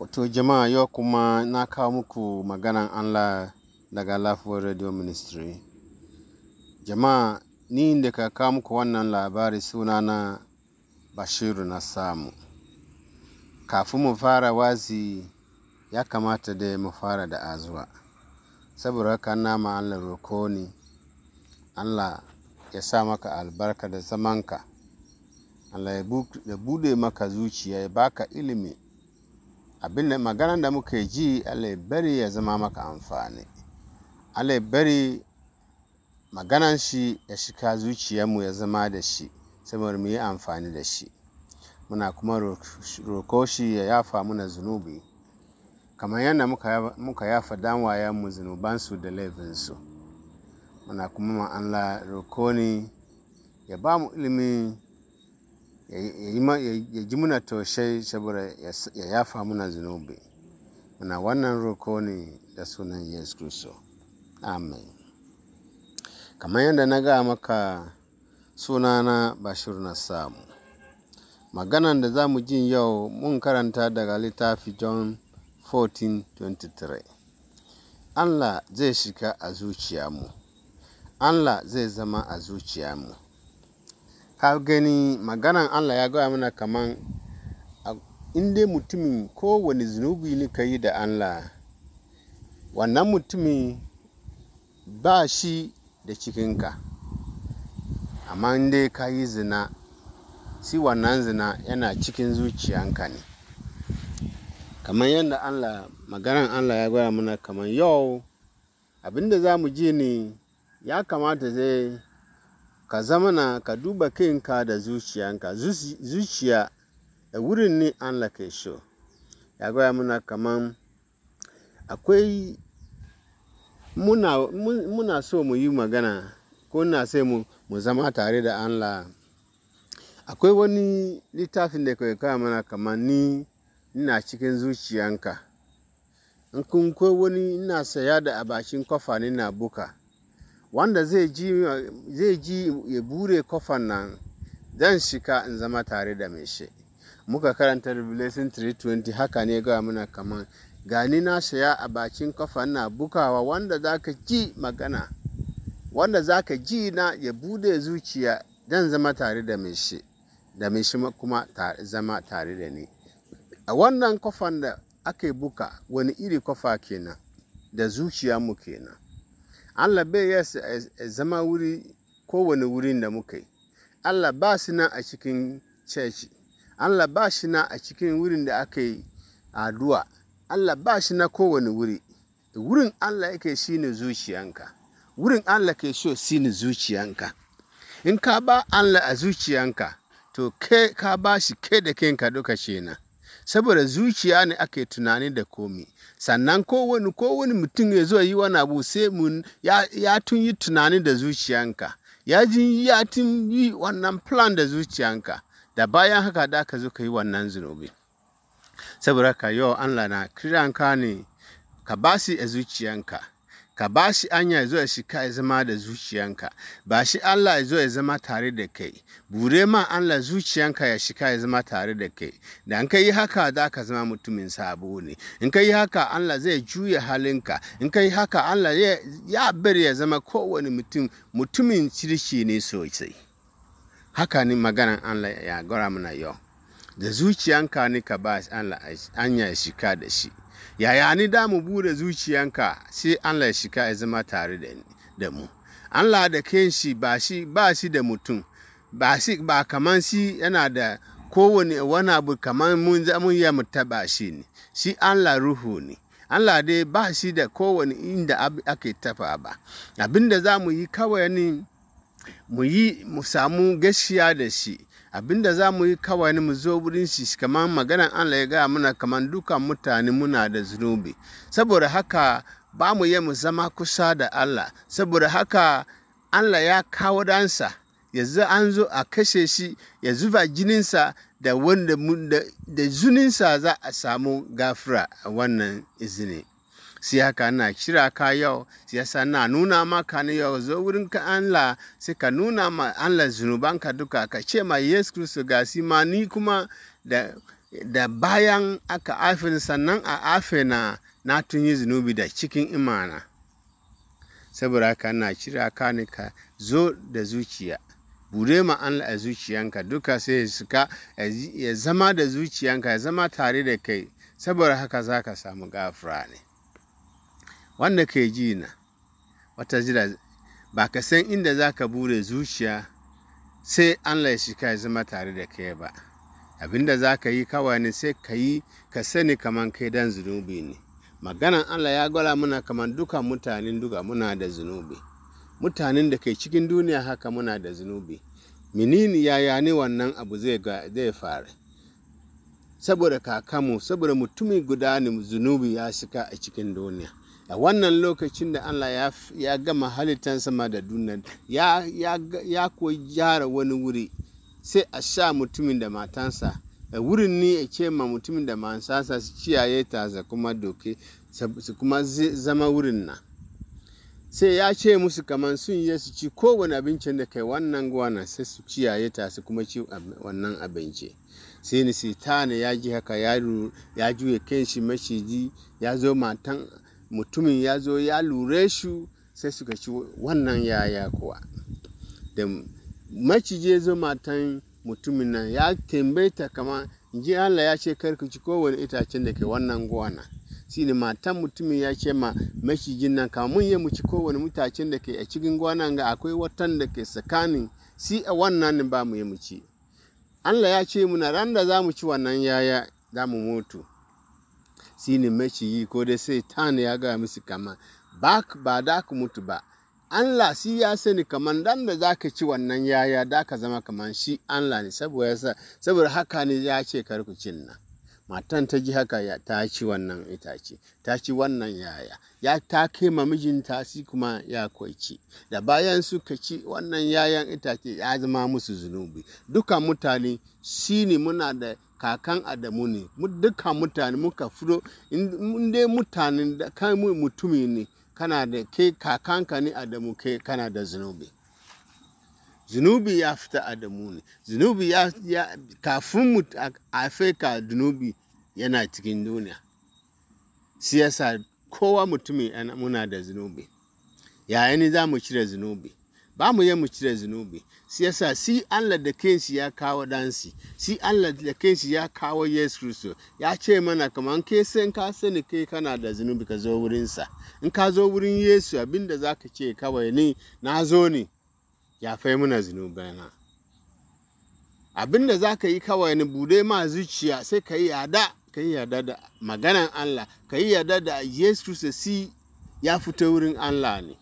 Wato jama'a yau kuma na kawo muku maganan Allah daga Lafiyar Radio Ministry. Jama'a ni da ka kawo muku wannan labari suna na Bashiru na samu. Kafin mu fara wazi ya kamata da mu fara da azuwa. Saboda haka na ma Allah roko ne, Allah ya sa maka albarka da zamanka. Allah ya bude maka zuciya ya baka ilimi abin da Magana da muka ji allah bari ya zama maka amfani allah bari maganan shi ya shika zuciyarmu ya zama da shi saboda mu yi amfani da shi muna kuma roko shi ya yafa muna zunubi kamar yadda muka yafa mu zunubansu da laifinsu muna kuma ma roko ne ya ba mu ilimin ya ji muna taushai saboda ya yafa muna zunubi muna wannan roko ne da sunan yesu kristo amen kamar yadda na ga maka sunana bashir na samu maganan da za mu jin yau mun karanta daga littafi john 14:23 allah zai shiga a zuciya mu allah zai zama a zuciya mu Ka gani maganan Allah ya gaya mana kaman in dai mutumin ko wani zunubi ne ka yi da Allah, wannan mutumin ba shi da cikinka. Amma inda dai ka yi zina, shi wannan zina yana cikin zuciyanka ne. Kaman yadda Allah, maganan Allah ya gaya mana kaman yau abinda za mu ji ne ya kamata zai. ka zamana ka duba kanka da zuciyanka zuciya da wurin ne an ke so ya gaya muna kaman akwai muna muna so mu yi magana ko na sai mu mu zama tare da Allah akwai wani littafin da kai kawai mana kaman ni ina cikin zuciyanka in kun kai wani ina saya da abacin kofa ni na buka wanda zai ji ya bure kofan nan zan shiga in zama tare da mai shi muka karanta revelation 320 haka ne ga muna kaman gani na shaya a bakin kofan na bukawa wanda zaka ji magana wanda zaka ji na ya bude zuciya dan zama tare da mai shi da mai shi kuma zama tare da ni a wannan kofan da aka buka wani iri kofa kenan da zuciya mu kenan Allah bai ya zama wuri kowane wurin da muka yi. Allah ba shi nan a cikin church. Allah ba shi nan a cikin wurin da aka yi addu'a. Allah ba shi na kowane wuri. Wurin Allah yake shi ne zuciyanka. Wurin Allah ke so shi ne zuciyanka. In ka ba Allah a zuciyanka, to ke ka ba shi ke da kenka duka kenan. Saboda zuciya ne ake tunani da komi. sannan kowane kowane mutum ya zo yi wani abu sai mun ya, tun yi tunani da zuciyanka ya ji ya tun yi wannan plan da zuciyanka da bayan haka da ka zo ka yi wannan zunubi saboda ka yau allah na kiranka ne ka ba shi a zuciyanka ka ba shi anya ya zo ya zama da zuciyanka ba shi allah ya ya zama tare da kai bure ma Allah zuciyanka ya shika ya zama tare da kai da in kai haka za ka zama mutumin sabo ne in ka yi haka Allah zai juya halinka in ka yi haka Allah ya bari ya zama kowane mutum mutumin kirki ne sosai haka ne maganan Allah ya gora mana yau da zuciyanka ne ka ba Allah anya ya shika da shi yaya ni da mu bude zuciyanka sai Allah ya shika ya zama tare da mu Allah da kenshi ba shi ba shi da mutum ba shi ba kaman shi yana da kowane wani abu kaman mun mun ya mu taba shi ne shi Allah ruhu ne Allah dai ba shi da kowane inda ake tafa ba abinda za mu yi kawai ne mu yi mu samu gaskiya da shi abinda za mu yi kawai ne mu zo wurin shi kamar maganan Allah ya gaya muna kamar dukan mutane muna da zunubi saboda haka ba mu yi mu zama kusa da Allah saboda haka Allah ya kawo dansa yanzu an zo a kashe shi ya zuba jininsa da wanda da zuninsa za a samu gafira a wannan izini sai haka na kira ka yau sai siyasa na nuna maka ne yau zo wurin ka Allah sai ka nuna ma Allah zunubanka duka ka ce ma Yesu Kristo ga si ma ni kuma da da bayan aka afin sannan a afe na na tun yi zunubi da cikin imana saboda haka na kira ka ne ka zo da zuciya bude ma Allah a zuciyanka duka sai ya suka ya zama da zuciyanka ya zama tare da kai saboda haka za ka samu gafura ne wanda ke ji na wata jira ba ka san inda za ka bude zuciya sai Allah ya shika ya zama tare da kai ba abinda za ka yi kawai ne sai ka yi ka sani kaman kai dan zunubi ne maganan Allah ya gwada muna kaman duka mutanen duka muna da zunubi mutanen da ke cikin duniya haka muna da zunubi menene yaya ne wannan abu zai faru saboda kakamu saboda mutumi guda ne zunubi ya sika a cikin duniya a wannan lokacin da allah ya gama halittar sama da duniya ya, ya, ya gyara wani wuri sai a sha mutumin da matansa a wurin ne a ce ma mutumin da matansa su ciyaye ta kuma doke su kuma zama wurin nan sai ya ce musu kamar sun yi su ci kowane abincin da kai wannan gwana sai su ciyaye ta su kuma ci wannan abinci sai ni sitana ya ji haka ya juye kan shi maciji ya zo matan mutumin ya zo ya lure shi sai suka ci wannan yaya kuwa da maciji ya zo matan mutumin nan ya tambaita kama ji Allah ya ce karku ci kowane itacen da ke wannan gwana shine matan mutumin ya ce ma mashigin nan kamun ya muci kowane mutacin da ke a cikin gwanan ga akwai watan da ke tsakanin si a wannan ba mu ya muci Allah ya ce muna ran da za mu ci wannan yaya za mu mutu shine mashiyi ko dai sai tan ya ga musu kama ba ba da ku mutu ba Allah si ya sani kaman dan da zaka ci wannan yaya da ka zama kaman shi Allah ne saboda haka ne ya ce kar ku cin nan matan ta ji haka ya ta ci wannan itace ta wannan yaya ya ta kai ma mijinta shi kuma ya kwaici da bayan suka ci wannan yayan itace ya zama musu zunubi duka mutane shi ne muna da kakan adamu ne duka mutane muka fito in dai mutane da kai mutumi ne kana da ke kakanka ne adamu kai kana da zunubi zunubi ya fita a damu ne zunubi ya kafin mu afe ka zunubi yana cikin duniya siyasa kowa mutumin muna da zunubi yayin za mu cire zunubi ba mu yi mu cire zunubi siyasa si Allah da kansu ya kawo dansi si Allah da kansu ya kawo Yesu Kristo ya ce mana kamar ke san ka sani kai kana da zunubi ka zo wurinsa in ka zo wurin Yesu abinda zaka ce kawai ni na zo ne fai muna zunubaina abinda za ka yi kawai ni bude ma zuciya sai ka yi yada ka yi yada da maganan allah ka yi yada da yesu kristo si ya fito wurin allah ne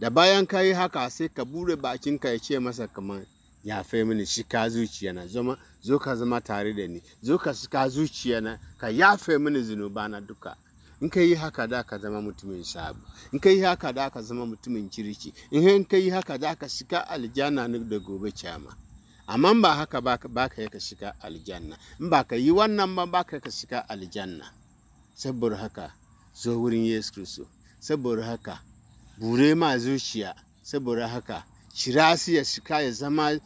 da bayan ka yi haka sai ka bude bakinka ya ce masa kamar ya fai mini shi ka zuciya na zama zo ka zama tare da ni zo ka shi ka zuciya na ka yafe mini zunubana duka in ka yi haka da ka zama mutumin sabu in ka yi haka da ka zama mutumin kirki in ka yi haka da ka shiga aljanna ne da gobe kyama amma ba haka ba ka yi ka shiga aljanna in ba ka yi wannan ba ba ka ka shiga aljanna saboda haka zo wurin yesu kristo saboda haka bure ma zuciya saboda haka shirasi ya shiga ya zama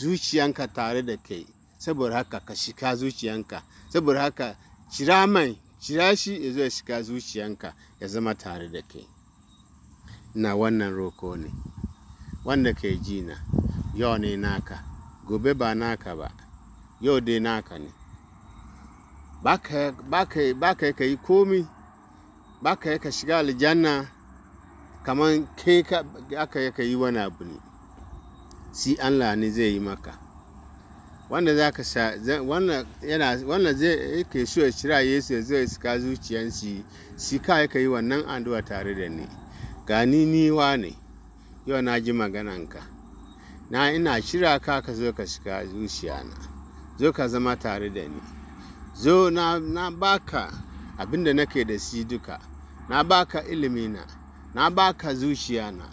zuciyanka tare da kai saboda haka ka shiga zuciyanka saboda haka shira mai shirya shi ya zo ya shiga zuciyanka ya zama tare da kai na wannan roko ne wanda ke ji na yau ne naka gobe ba naka ba yau dai naka ne ba ka ka yi komi ba ka ka shiga aljanna kamar kai yi ka yi wani abu ne si Allah ne zai yi maka wanda za ka sa wannan zai ke so ya cira yesu ya zai suka zuciyan shi shi ka ka yi wannan addu'a tare da ni gani ni wa ne yau na ji magananka na ina shira ka ka zo ka shiga zuciyana zo ka zama tare da ni zo na, na baka abinda nake da shi duka na baka ilimina na baka zuciyana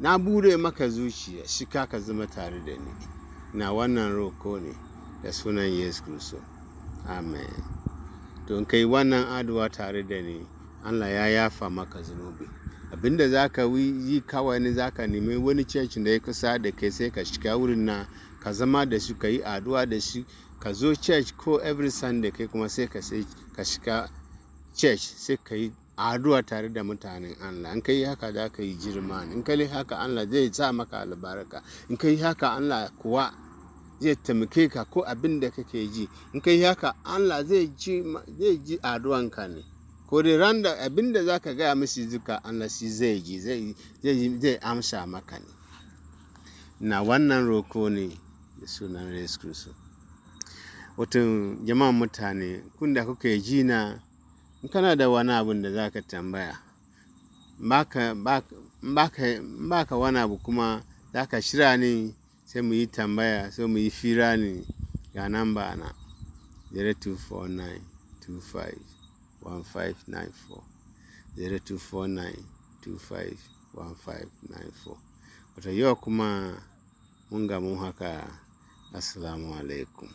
na bure maka zuciya shi ka ka zama tare da ni na wannan roko ne da sunan Yesu Kristo. Amen. Don kai wannan aduwa tare da ni, Allah ya yafa maka zunubi. Abinda za ka yi kawai ne za ka nemi wani cecin da ya kusa da kai sai ka shiga wurin na ka zama da shi ka yi aduwa da shi ka zo church ko every sunday kai kuma sai ka sai ka shiga church sai ka yi addu'a tare da mutanen Allah in kai haka za ka yi jirman in kai haka Allah zai sa maka albaraka in kai haka Allah kuwa zai taimake ka ko abin da kake ji in kai haka Allah zai ji zai ji addu'anka ne ko dai ran da abin da za ka gaya musu zuka Allah shi zai ji zai amsa maka ne na wannan roko ne da sunan Yesu Kristo wato jama'an mutane kun da kuke ji na in kana da wani abin da za ka tambaya ba ka wani abu kuma za ka shira ni sai mu yi tambaya sai mu yi fira ne ga ba na 0249251594 0249251594 wata yau kuma mun gamu haka assalamu alaikum